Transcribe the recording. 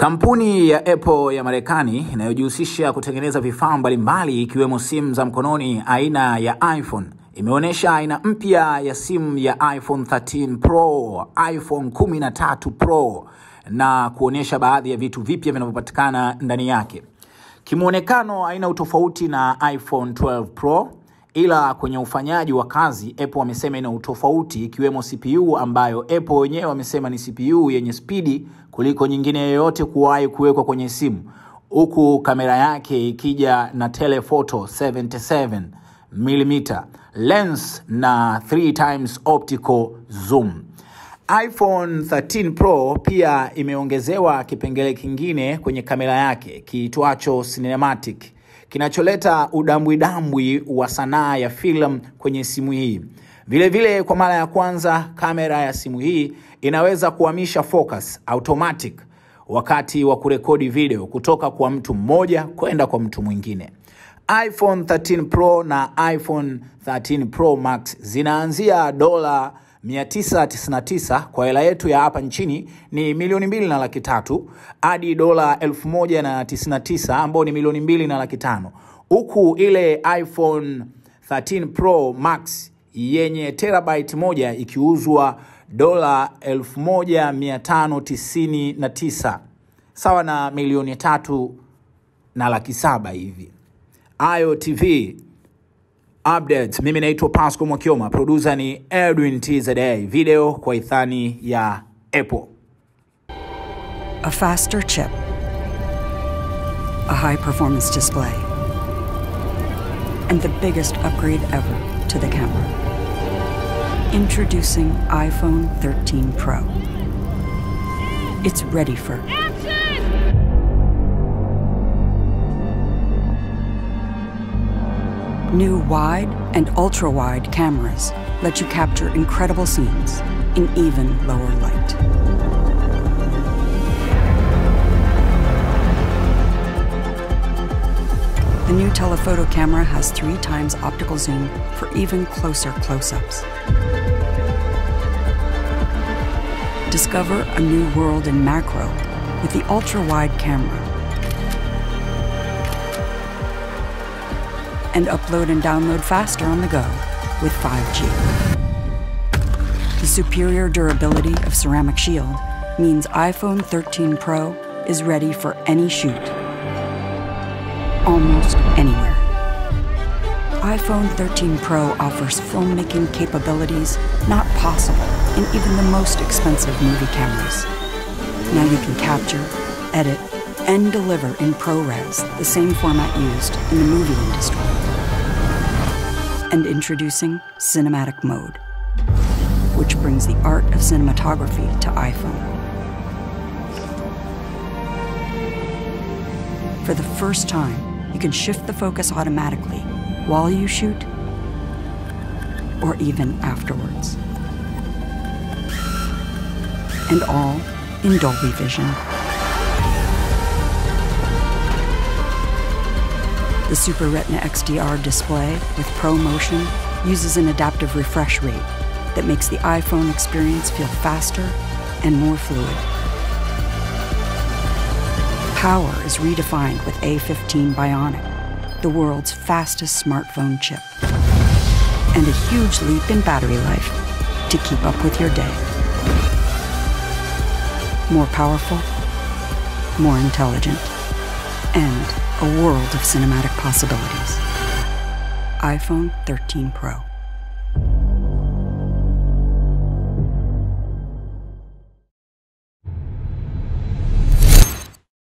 Kampuni ya Apple ya Marekani inayojihusisha kutengeneza vifaa mbalimbali ikiwemo simu za mkononi aina ya iPhone imeonyesha aina mpya ya simu ya iPhone 13 Pro, iPhone 13 Pro na kuonyesha baadhi ya vitu vipya vinavyopatikana ndani yake. Kimuonekano aina utofauti na iPhone 12 Pro Ila kwenye ufanyaji wa kazi Apple wamesema ina utofauti, ikiwemo CPU ambayo Apple wenyewe wamesema ni CPU yenye spidi kuliko nyingine yoyote kuwahi kuwekwa kwenye simu, huku kamera yake ikija na telephoto 77 mm lens na 3 times optical zoom. iPhone 13 Pro pia imeongezewa kipengele kingine kwenye kamera yake kiitwacho cinematic kinacholeta udambwidambwi wa sanaa ya filamu kwenye simu hii. Vilevile vile kwa mara ya kwanza kamera ya simu hii inaweza kuhamisha focus automatic wakati wa kurekodi video kutoka kwa mtu mmoja kwenda kwa mtu mwingine. iPhone 13 Pro na iPhone 13 Pro Max zinaanzia dola 999 kwa hela yetu ya hapa nchini ni milioni mbili na laki tatu hadi dola 1099 ambayo ni milioni mbili na laki tano huku ile iPhone 13 Pro Max yenye terabyte moja ikiuzwa dola 1599 sawa na milioni tatu na laki saba hivi. Ayo TV Updates. Mimi naitwa Pasco Mwakioma, producer ni Edwin TZA. Video kwa ithani ya Apple. A faster chip. A high performance display. And the biggest upgrade ever to the camera. Introducing iPhone 13 Pro. It's ready for New wide and ultra wide cameras let you capture incredible scenes in even lower light. The new telephoto camera has three times optical zoom for even closer close ups. Discover a new world in macro with the ultra wide camera and upload and download faster on the go with 5G. The superior durability of Ceramic Shield means iPhone 13 Pro is ready for any shoot, almost anywhere. iPhone 13 Pro offers filmmaking capabilities not possible in even the most expensive movie cameras. Now you can capture, edit, and deliver in ProRes, the same format used in the movie industry. And introducing Cinematic Mode, which brings the art of cinematography to iPhone. For the first time, you can shift the focus automatically while you shoot or even afterwards. And all in Dolby Vision. The Super Retina XDR display with Pro Motion uses an adaptive refresh rate that makes the iPhone experience feel faster and more fluid. Power is redefined with A15 Bionic, the world's fastest smartphone chip, and a huge leap in battery life to keep up with your day. More powerful, more intelligent, and a world of cinematic possibilities. iPhone 13 Pro.